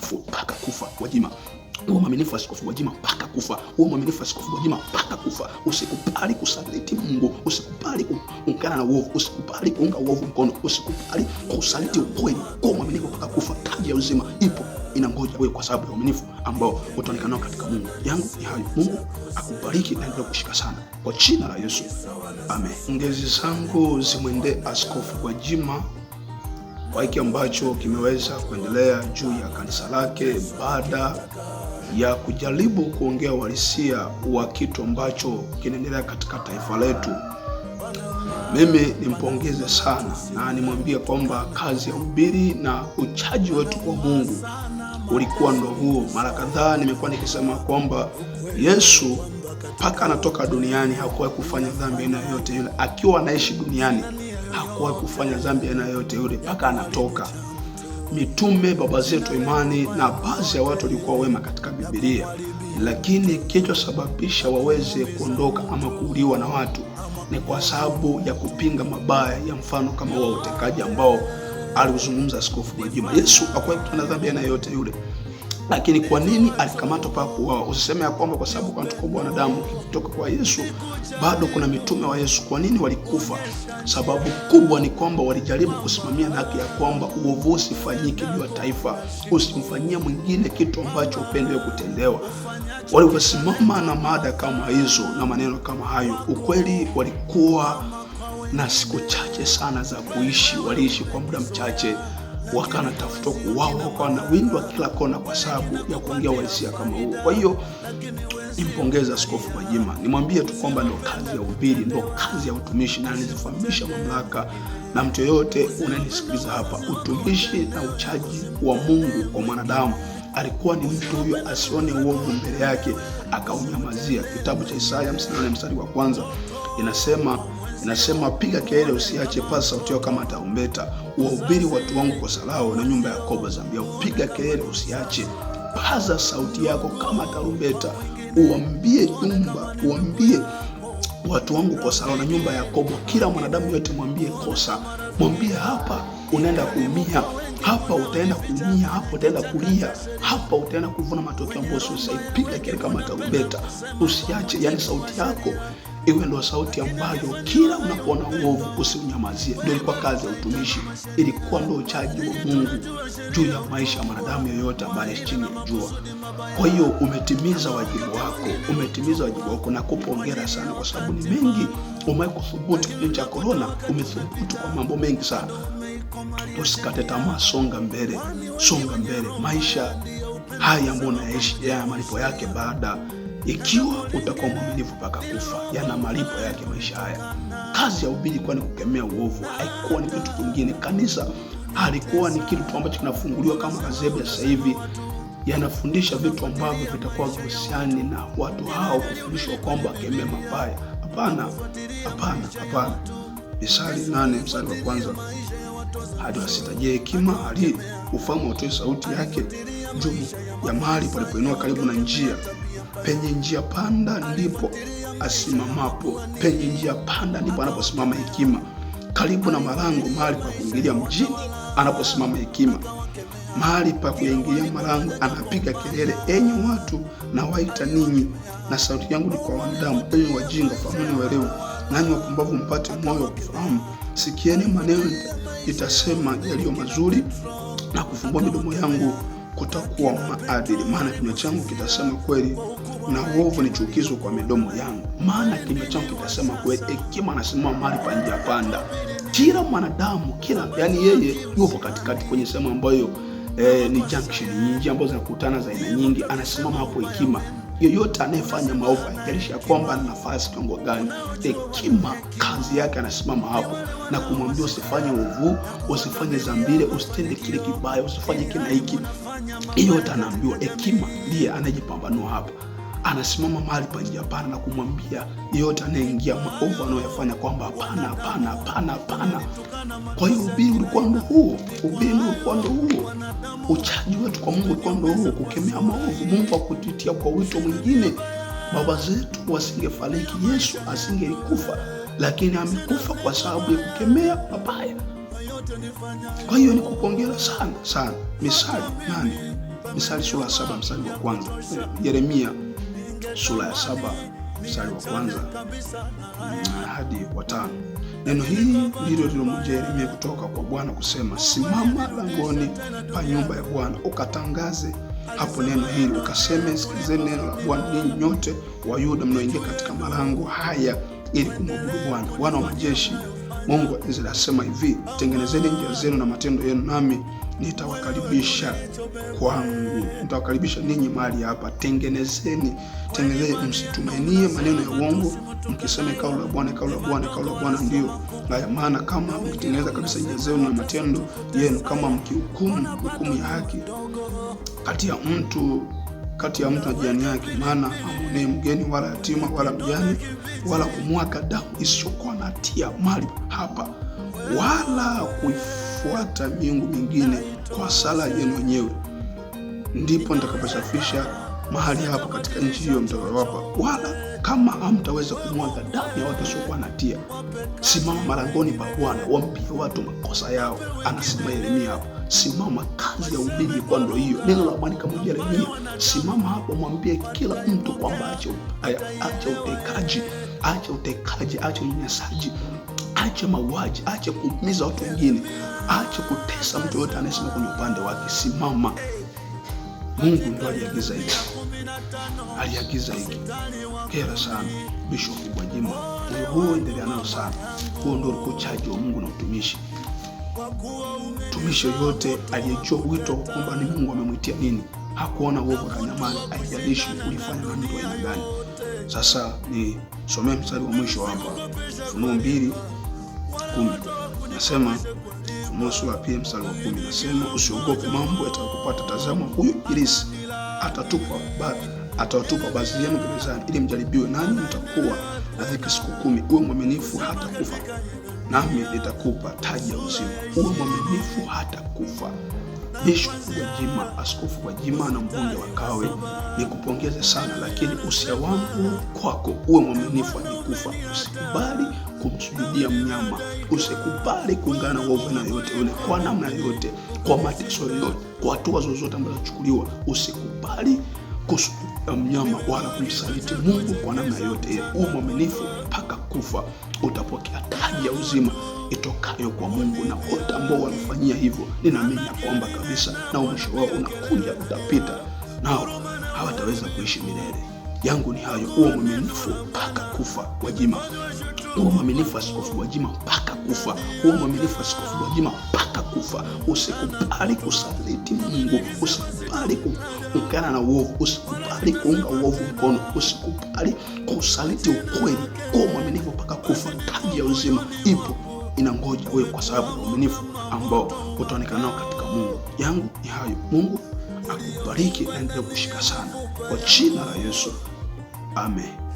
mwaminifu mpaka kufa Gwajima. Uwe mwaminifu Askofu Gwajima mpaka kufa. Uwe mwaminifu Askofu Gwajima mpaka kufa. Usikubali kusaliti Mungu, usikubali kuungana na uovu, usikubali kuunga uovu mkono, usikubali kusaliti ukweli. Uwe mwaminifu mpaka kufa. Taji ya uzima ipo inangoja wewe kwa sababu ya uaminifu ambao utaonekana katika Mungu. Yangu ni hayo. Mungu akubariki na endelea kushika sana kwa jina la Yesu, amen. Ngezi zangu zimwendee Askofu Gwajima kwa hiki ambacho kimeweza kuendelea juu ya kanisa lake baada ya kujaribu kuongea uhalisia wa kitu ambacho kinaendelea katika taifa letu. Mimi nimpongeze sana na nimwambie kwamba kazi ya ubiri na uchaji wetu kwa Mungu ulikuwa ndo huo. Mara kadhaa nimekuwa nikisema kwamba Yesu mpaka anatoka duniani hakuwahi kufanya dhambi aina yoyote yule, akiwa anaishi duniani hakuwahi kufanya dhambi aina yoyote yule mpaka anatoka. Mitume, baba zetu imani, na baadhi ya watu walikuwa wema katika Biblia, lakini kilichosababisha waweze kuondoka ama kuuliwa na watu ni kwa sababu ya kupinga mabaya ya mfano kama wa utekaji ambao aliuzungumza Askofu Gwajima. Yesu hakuwahi kutenda dhambi aina yoyote yule lakini kwa nini alikamatwa paa kuuawa? Usiseme ya kwamba kwa sababu kwa tukomboa wanadamu kutoka kwa Yesu, bado kuna mitume wa Yesu. Kwa nini walikufa? Sababu kubwa ni kwamba walijaribu kusimamia haki ya kwamba uovu usifanyike juu ya taifa, usimfanyia mwingine kitu ambacho upende kutendewa. Walivyosimama na mada kama hizo na maneno kama hayo, ukweli walikuwa na siku chache sana za kuishi, waliishi kwa muda mchache wakanatafuta wanatafuta kuuawa, wakawa kila kona kwa sababu ya kuongea uhalisia kama huo. Kwa hiyo nimpongeza Askofu Gwajima, nimwambie tu kwamba ndo kazi ya ubiri, ndo kazi ya utumishi, na nizifahamisha mamlaka na mtu yoyote unanisikiliza hapa, utumishi na uchaji wa Mungu kwa mwanadamu alikuwa ni mtu huyo asione uovu mbele yake akaunyamazia. Kitabu cha Isaya 54 mstari wa kwanza inasema Nasema piga kelele, usiache, paza sauti yako kama tarumbeta, wahubiri watu wangu kwa salao na nyumba ya Yakobo Zambia. Upiga kelele, usiache, paza sauti yako kama tarumbeta, uambie nyumba, uambie watu wangu kwa salao na nyumba ya Yakobo. Kila mwanadamu yote mwambie kosa, mwambie hapa unaenda kuumia hapa utaenda kuumia, hapa utaenda kulia, hapa utaenda kuvuna matokeo ambayo sio sahihi. Piga kelele kama tarumbeta, usiache, yani sauti yako iwe ndo sauti ambayo kila unapoona uovu usiunyamazie. Ndio ilikuwa kazi ya utumishi, ilikuwa ndo uchaji wa Mungu juu ya maisha ya mwanadamu yoyote ambaye chini ya jua. Kwa hiyo umetimiza wajibu wako, umetimiza wajibu wako na kupongera sana, kwa sababu ni mengi umewahi kuthubutu. Kipindi cha korona umethubutu kwa mambo mengi sana. Usikate tamaa, songa mbele, songa mbele. Maisha haya ambayo unaishi, ya malipo yake baada ikiwa utakuwa mwaminifu mpaka kufa, yana malipo yake maisha haya. Kazi ya ubiri kuwa ni kukemea uovu, haikuwa ni kitu kingine. Kanisa halikuwa ni kitu ambacho kinafunguliwa kama ya sasa hivi yanafundisha vitu ambavyo vitakuwa vihusiani na watu hao kufundishwa kwamba wakemea mabaya. Hapana, hapana, hapana. Misali nane mstari wa kwanza hadi wa sita. Je, hekima ali ufahamu watoe sauti yake juu ya mahali palipoinua karibu na njia penye njia panda ndipo asimamapo, penye njia panda ndipo anaposimama hekima, karibu na malango, mahali pa kuingilia mjini anaposimama hekima, mahali pa kuingilia malango anapiga kelele, enyi watu na waita ninyi, na sauti yangu ni kwa wanadamu, enyi wajinga famuni welewe, nanyi wapumbavu mpate moyo wa kufahamu. Sikieni maneno itasema yaliyo mazuri na kufumbua midomo yangu kutakuwa maadili, maana kinywa changu kitasema kweli, na uovu ni chukizo kwa midomo yangu. Maana kinywa changu kitasema kweli, hekima anasimama mahali pa njia panda. Kila mwanadamu kila, yani yeye yupo katikati kwenye sehemu ambayo eh, ni junction nyingi ambazo zinakutana za aina nyingi, anasimama hapo hekima Yoyote anayefanya maovu aijarisha ya kwamba ana nafasi kiwango gani, hekima kazi yake anasimama hapo na kumwambia usifanye uovu, usifanye zambile, usitende kile kibaya, usifanye kile hiki. Yoyote anaambiwa, hekima ndiye anayejipambanua hapa anasimama mahali pana na kumwambia yeyote anayeingia maovu anayoyafanya kwamba hapana, hapana, hapana, hapana. Kwa hiyo ubii ulikuwa ndo huo, ubini ulikuwa ndo huo, uchaji wetu kwa Mungu ulikuwa ndo huo, kukemea maovu. Mungu akutitia kwa wito mwingine. Baba zetu wasingefariki, Yesu asingelikufa, lakini amekufa kwa sababu ya kukemea mabaya. Kwa hiyo ni kupongera sana sana. Misali nani? Misali sura saba mstari wa kwanza Yeremia sura ya saba mstari wa kwanza hadi wa tano. Neno hili ndilo lilomjia Yeremia kutoka kwa Bwana kusema, simama langoni pa nyumba ya Bwana ukatangaze hapo neno hili ukaseme, sikilizeni neno la Bwana ninyi nyote wa Yuda mnaoingia katika malango haya ili kumwabudu Bwana. Bwana wa majeshi, Mungu wa Israeli asema hivi, tengenezeni njia zenu na matendo yenu, nami nitawakaribisha kwangu, nitawakaribisha ninyi mahali hapa. Tengenezeni, tengenezeni, msitumenie maneno ya uongo mkisema kauli la Bwana, kauli la Bwana, kauli la Bwana ndio haya. maana. Kama mkitengeneza kabisa nia zenu na matendo yenu, kama mkihukumu hukumu ya haki kati ya mtu kati ya mtu na jirani yake, maana amonee mgeni wala yatima wala mjane wala kumwaga damu isiyokuwa na hatia mali hapa wala kuifu kufuata miungu mingine kwa sala yenu wenyewe, ndipo nitakaposafisha mahali hapo katika nchi hiyo mtakayowapa, wala kama hamtaweza kumwaga damu ya watu wasiokuwa na hatia, simama malangoni pa Bwana, wampie watu makosa yao. Anasema Yeremia hapo, simama, kazi ya ubili kwa ndo hiyo. Neno la Bwana kama Yeremia, simama hapo, mwambie kila mtu kwamba acha utekaji, acha utekaji, acha unyanyasaji Acha mauaji, acha kuumiza watu wengine, acha kutesa mtu yoyote anayesimama kwenye upande wake. Simama. Mungu ndo aliagiza hiki, aliagiza hiki. Kera sana Bishop Gwajima, huo endelea nayo sana. Huo ndio uchaji wa Mungu na utumishi. Mtumishi yoyote aliyejua wito kwamba ni Mungu amemwitia nini, hakuona uovu, akanyamaza. Haijalishi ulifanya na mtu aina gani. Sasa ni somee mstari wa mwisho hapa, Funuo mbili kumi nasema, Funuo sura pia mstari wa kumi nasema, usiogope mambo yatakupata. Tazama, huyu Ibilisi atatupa atawatupa baadhi yenu gerezani, ili mjaribiwe, nani mtakuwa na dhiki siku kumi. Uwe mwaminifu hata kufa, nami nitakupa taji ya uzima. Uwe mwaminifu hata kufa. Bishop Gwajima, Askofu Gwajima na mbunge wa Kawe, nikupongeze sana, lakini usia wangu kwako uwe mwaminifu hadi kufa. Usikubali kumsujudia mnyama, usikubali kuungana na uovu yote ule, kwa namna yote kwa mateso yote, kwa hatua zozote ambazo zinachukuliwa, usikubali kusujudia mnyama wala kumsaliti Mungu kwa namna yote ile. Ee, mwaminifu mpaka kufa, utapokea taji ya uzima itokayo kwa Mungu. Na wote ambao walifanyia hivyo, ninaamini ya kwamba kabisa na mwisho wao unakuja, utapita nao hawataweza kuishi milele. Yangu ni hayo, uwe mwaminifu mpaka kufa, Gwajima. Uwe mwaminifu Askofu Gwajima mpaka kufa. Uwe mwaminifu Askofu Gwajima mpaka kufa. Usikubali kusaliti Mungu, usikubali usikubali kuungana na uovu, usikubali kuunga uovu mkono, usikubali kusaliti ukweli. Kuwa mwaminifu mpaka kufa. Taji ya uzima ipo inangoja wewe, kwa sababu uaminifu ambao utaonekana nao katika Mungu. Yangu ni hayo. Mungu akubariki, naendelea kushika sana kwa jina la Yesu, amen.